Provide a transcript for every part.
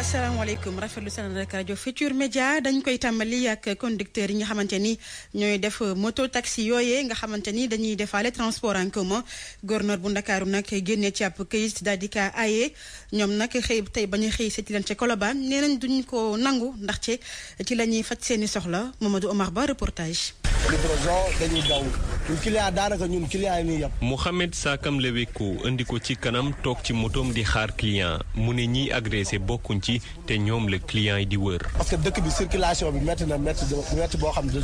asalaamaaleykum rafetlu seen rek rajo Futur média dañ koy tàmbali ak conducteurs yi nga xamante ni ñooy def moto taxi yooyee nga xamante ni dañuy defaale transport en commun gouverneur bu ndakaaru nag génne ci ab këyit daal di ka aaye ñoom nag xëy tey ba ñu xëy seeti leen ca kolobaan nee nañ duñ ko nangu ndax ci ci la ñuy faj seeni soxla Mamadou Omar Ba reportage. dañuy daw. client daanaka ñun client yi ñuy yab. Mouhamed Sakam Leweko indi ko ci kanam toog ci motoom di xaar client mu ne ñiy agressé bokkuñ ci te ñoom la client yi di wër. parce que dëkk bi circulation bi métti na métti métti boo xam ne de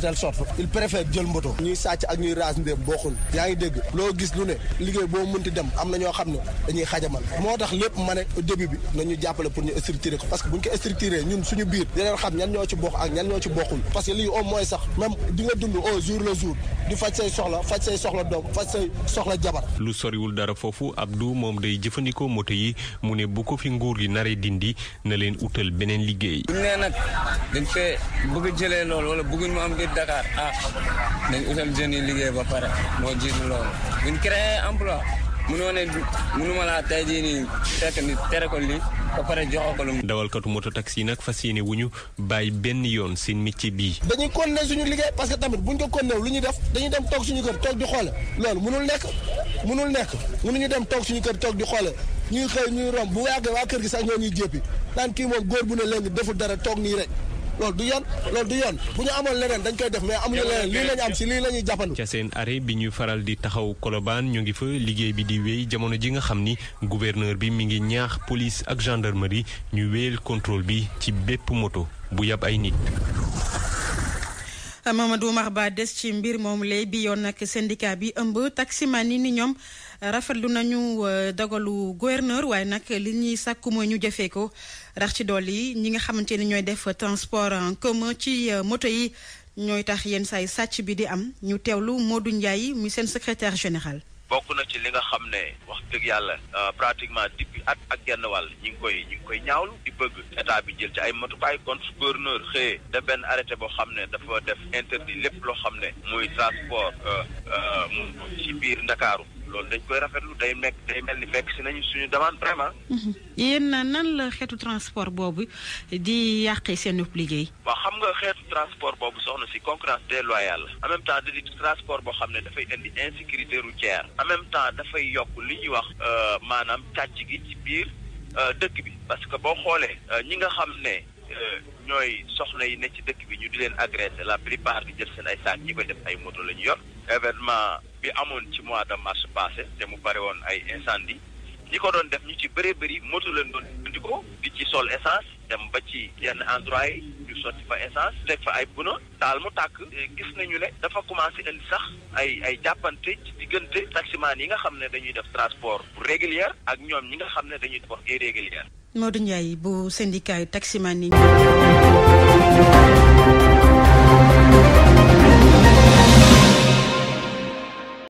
yaa ngi dégg loo gis lu ne liggéey boo mënti dem am na ñoo xam ne dañuy xajamal moo tax lépp ma ne au bi nañu jàppale pour ñu structurer ko parce que buñ ko structurer ñun suñu biir dinañ xam ñan ñoo ci bokk ak ñan ñoo ci bokkul parce que lii au moins sax même di nga dund au jour le jour di faj say soxla soxla faj soxla doom faj say soxla jabar. lu soriwul dara foofu Abdou moom day jëfandikoo moto yi mu ne bu ko fi nguur gi naree dindi na leen utal beneen liggéey. bu nee nag dañ fee bëgg a jëlee loolu wala bëgguñ mu am biir Dakar ah dañ utal jeunes yi liggéey ba pare moo jiitu lool buñ créé emploi. munoo ne munuma laa tey jii nii fekk ni tere ko lii ba pare joxoo ko lu. dawalkatu moto taxi nag fas yéene wu ñu bàyyi benn yoon seen métier bii. dañuy continuer suñu liggéey parce que tamit ñu ko continuer lu ñuy def dañuy dem toog suñu kër toog di xoole loolu munul nekk mënul nekk munuñu dem toog suñu kër toog di xoole ñuy xëy ñuy romb bu yàggee waa kër gi sax ñoo ñuy jéppi naan kii moom góor bu ne léegi deful dara toog nii rek. loolu du yoon loolu bu ñu amoon lereen dañ koy def mais amuñu leneen lii lañu am si lii la ñuy jàppandu ca seen arrêt bi ñuy faral di taxaw Colobane ñoo ngi fa liggéey bi di wéy jamono ji nga xam ni gouverneur bi mi ngi ñaax police ak gendarmerie ñu wéyal contrôle bi ci bépp moto bu yab ay nit Mamadou Oumar Ba des ci mbir moom lay bi yoon nag syndicat bi ëmb taximan yi ni ñoom rafetlu nañu euh, dogalu gouverneur waaye nag li ñuy sàkku mooy ñu jëfee ko rax ci dool yi ñi nga xamante ni ñooy def transport en commun ci euh, moto yi ñooy tax yenn saay sàcc bi di am ñu teewlu Modou Ndiaye muy seen secretaire général. bokk na ci li nga xam ne wax dëgg yàlla euh, pratiquement depuis at ak genn wàll ñi ngi koy ñi ngi koy ñaawlu di bëgg état bi jël ci ay matubaay kon su gouverneur xëyee da benn arrêté boo xam ne dafa def interdit lépp loo xam ne muy transport euh, euh, ci biir Ndakaaru loolu dañ koy rafetlu day mekk day mel ni fekk si nañu suñu demande vraiment. Mhm. yéen nan la xeetu transport boobu di yàqee seen liggéey. waa xam nga xeetu transport boobu soxna si concurrence déloyale la. en même temps di transport boo xam ne dafay indi insécurité routière. en même temps dafay yokk li ñuy wax euh, maanaam càcc gi ci biir euh, dëkk bi. parce que boo xoolee euh, ñi nga xam ne. Euh, ñooy soxla yi ne ci dëkk bi ñu di leen agressé la plupart di jël seen ay saak ñi koy def ay moto la ñu yor. événement bi amoon ci mois de mars passé te mu bari woon ay incendie ñi ko doon def ñu ci bëree bëri moto leen doon indi ko di ci sol essence dem ba ci yenn endroit yi ñu sotti fa essence teg fa ay pneu taal mu tàkk gis nañu ne dafa commencé indi sax ay ay jàppante ci diggante taximaan yi nga xam ne dañuy def transport régulier ak ñoom ñi nga xam ne dañuy def irrégulier Modou Ndiaye bu syndicat yu taximan yi